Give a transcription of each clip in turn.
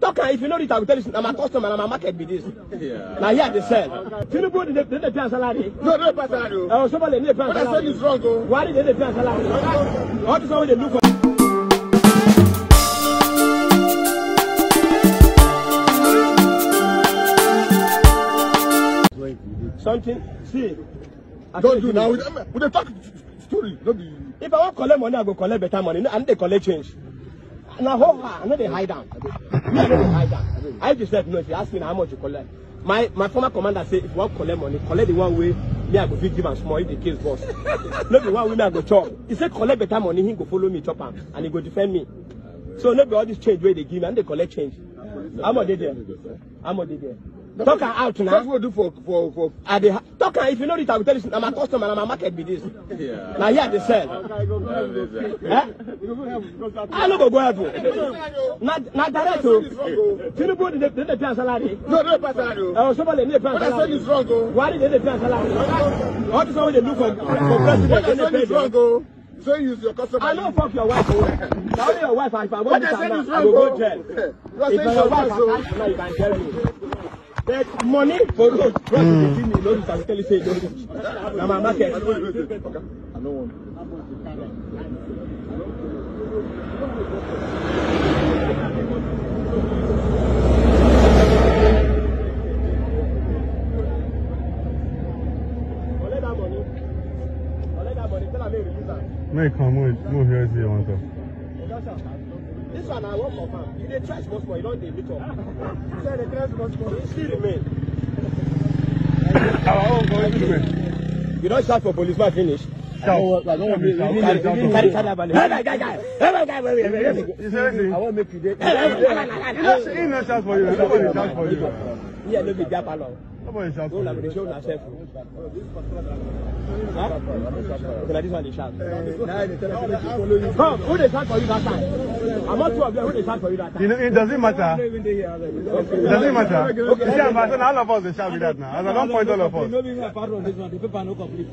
Talk if you know it, I will tell you. I'm a customer, I'm a market with this. Now here they sell. Tinubu did they pay salary? No, they pay salary. Oh, somebody they pay salary. What I said is wrong. Oh. Why did they pay salary? What is all they look for? Something, see. I Don't do now. With, with the talk story, don't be. If I want collect money, I go collect better money. and they collect change na ho ha I know they hide down. I know they hide down. I just said no. If you ask me how much you collect, my my former commander say if you want collect money, collect the one way me I go fit give am small if the case boss. no be one way me I go chop. He say collect better money, he go follow me chop am and he go defend me. So no be all this change wey they give me and they collect change. How much dey there? How much dey there? talk am out na. that's what do for for for. i dey talk am if you know it, i will tell you I'm a customer I'm a market be this. Yeah. na here i dey eh? sell. i no go go help you. na na direct o. Oh. tinubu dey dey pay am salary. Oh. no no pay salary o. ẹ o pay oh. salary. what i said is wrong o. Why did they pay am salary. What is one they look for for president dey is wrong, them. So you use your customer. I don't fuck your wife. Now your wife, if I want to this, I will go jail. If your wife, I, now you can tell me collect money for road. Mm. Give me loan practically say don't. Now my market. I don't want. Make come, move, move here, see you want to. This one I want for man. You the try small for you don dey meet up. So the dey try for small. You still remain. Our own go remain. You don't shout for policeman finish. I want. won't make you dead. I no shout for you. want. shout for you. Here, no be Japa law. No, no, they show ourselves. Huh? Okay, like this one they shout. Come, who they shout for you that time? Among two of them, who they shout for you that time? You know, it doesn't matter. It doesn't matter. Okay, yeah, but all of us they shout with that now. As I don't point all of us. No, we are part of this one. The paper no complete.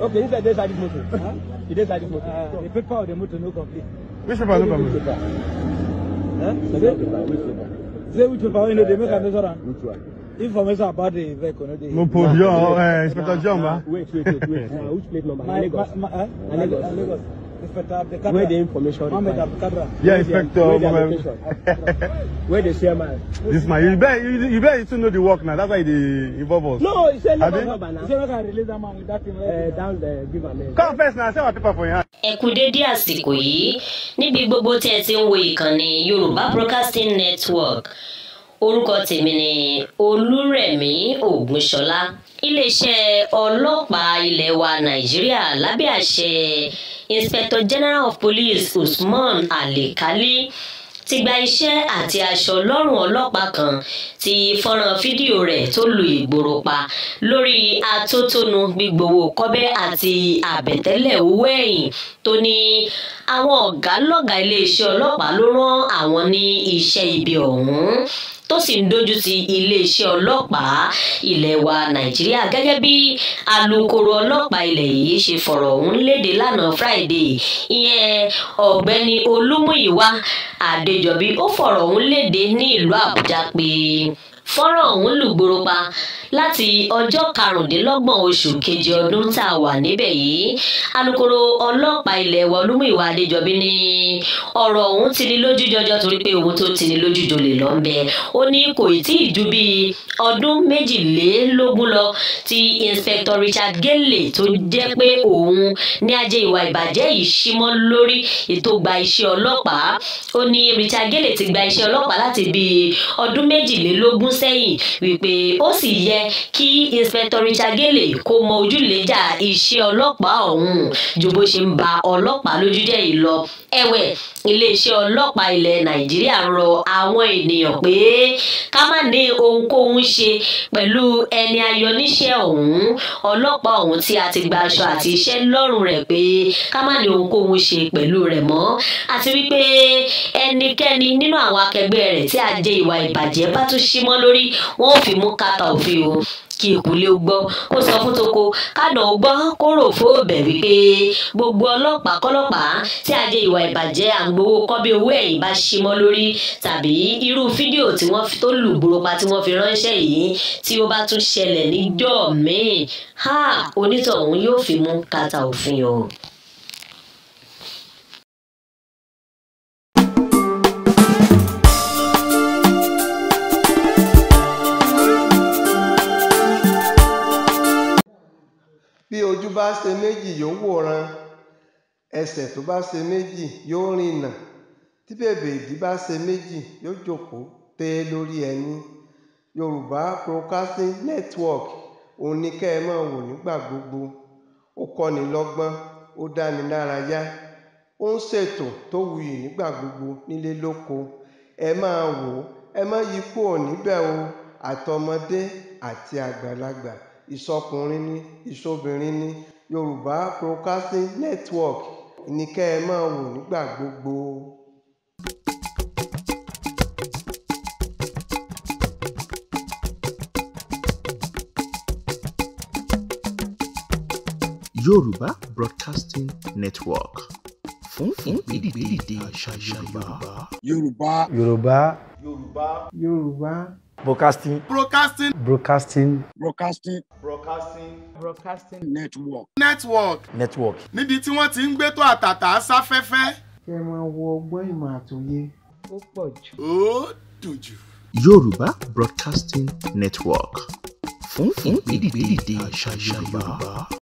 Okay, inside this side is motor. Huh? This side is motor. Uh, the paper of the motor no complete. Which paper no complete? Huh? Say which paper? Say which paper? You know, they make uh, a measure. Which one? information about the vehicle. No, Mo po uh, Inspector John, Wait, wait, wait, wait. uh, which plate number? My, Lagos. My, my, uh, Lagos. Lagos. Inspector Where the information? Mohammed Abdelkader. Yeah, Inspector. Where the, where the, where the chairman? This man, you better, you, you bet you still know the work now. That's why they involve us. No, he said no number now. He said no can release that man with that thing. Uh, down the give am. Come first now, say what paper for you. Ẹ kú dédé àsìkò yìí níbi gbogbo tẹ́ ẹ ti ń wo ìkànnì Yorùbá Broadcasting Network orúkọ tèmi ni olúrẹ̀mí ògúnṣọlá iléeṣẹ́ ọlọ́pàá ilẹ̀ wa nàìjíríà lábẹ́ àṣẹ inspector general of police usman alikali ti gba iṣẹ́ àti aṣọ lọ́rùn ọlọ́pàá kan ti fọ́nrán fídíò rẹ̀ tó lu ìgboro pa lórí atótónu gbígbowó kọ́bẹ́ àti àbẹ̀tẹ́lẹ̀ owó ẹ̀yìn tó ní àwọn ọ̀gá lọ́gàá iléeṣẹ́ ọlọ́pàá ló rán àwọn ní iṣẹ́ ibi ọ̀hún tó sì ń dojú ti iléeṣẹ́ ọlọ́pàá ilẹ̀ wa nàìjíríà gẹ́gẹ́ bí alūkkóró ọlọ́pàá ilẹ̀ yìí ṣe fọ̀rọ̀ ọ̀hún léde lánàá friday ìyẹn ọ̀gbẹ́ni olúmúyìwá adéjọbí ó fọ̀rọ̀ ọ̀hún léde ní ìlú àbújá pé fọ́nrán ọ̀hún lùgbòrò pa láti ọjọ́ karùndínlọ́gbọ̀n oṣù keje ọdún tá a wà níbẹ̀ yìí alukoro ọlọ́pàá ilẹ̀ wa olúmúyíwá adéjọbí ní ọ̀rọ̀ ọ̀hún ti ní lójú jọjọ torí pé ohun tó ti ní lójú jọlẹ̀ lọ ń bẹ ó ní kò tí ì ju bíi ọdún méjìlélógún lọ tí inspector richard gele tó jẹ́ pé òun ní ajé ìwà ìbàjẹ́ yìí símọ́ lórí ètò gba iṣẹ́ ọlọ́pàá ó ní richard gele ti gba iṣẹ́ ọlọ́pàá láti bíi ọdún méjìlélógún sẹ́yìn wípé ó sì yẹ kí inspector Richard Gele kó mọ ojúlẹ̀jà iṣẹ́ ọlọ́pàá ọ̀hún ju bó ṣe ń ba ọlọ́pàá lójú jẹ́ yìí lọ ẹ̀wẹ̀ iléeṣẹ́ ọlọ́pàá ilẹ̀ nàìjíríà rọ àwọn ènìyàn pé ká má ní ohunkóhun ṣe pẹ̀lú ẹni ayọníṣẹ́ ọ̀hún ọlọ́pàá ọ̀hún tí a ti gba aṣọ àti iṣẹ́ lọ́rùn rẹ̀ pé ká má ní ohunkóhun ṣe pẹ̀lú rẹ̀ mọ́ àti wípé ẹnikẹ́ni nínú àwọn akẹgbẹ́ rẹ̀ tí a jẹ ìwà ìbàjẹ́ bá tún símọ́ lórí wọn ò fi mú kàtà òfin o kí ekule gbọ́ kó sọ fún toko kádọ̀ gbọ́ kó rò fún òbẹ̀ wípé gbogbo ọlọ́pàá kọ́lọ́pàá tí ajé ìwà ìbàjẹ́ àgbowó kọ́bí owó ẹ̀yìn bá ṣí mọ́ lórí tàbí irú fídíò tí wọ́n tó lù gbòòròpa tí wọ́n fi ránṣẹ́ yìí tí ó bá tún ṣẹlẹ̀ níjọ́ míì ha onítọ̀hún yóò fi mú kàtà òfin o. bí ojú bá ṣe méjì yóò wòran ẹsẹ̀ tó bá ṣe méjì yóò rìnà tí bèbè ìdí bá ṣe méjì yóò jókòó té lórí ẹní yorùbá broadcasting network òun ni kẹ́ ẹ máa wò nígbà gbogbo ó kọ́ni lọ́gbọ́n ó dáni lárayá ó ń ṣètò tó wuyì nígbà gbogbo nílé lóko ẹ máa wò ó ẹ má yí kúrò níbẹ̀ o àtọmọdé àti àgbàlagbà ìsọkùnrin ni ìsọbìnrin ni yorùbá broadcasting network ní kẹ́ ẹ máa wò nígbà gbogbo. yorùbá broadcasting network fún ìgbèdìde àṣà yorùbá. yorùbá. yorùbá. yorùbá. yorùbá. Broadcasting. Broadcasting. Broadcasting. Broadcasting. Broadcasting. Broadcasting. Network. Network. Network. Níbi tí wọ́n ti ń gbé tó àtàtà sáfẹ́fẹ́. Kẹ máa wo ọgbọ́n ìmọ̀ àtòyé. Ó pọ̀ jù. Ó dùn jù. Yorùbá Broadcasting Network. Fún fún ìgbèdìde àṣà Yorùbá.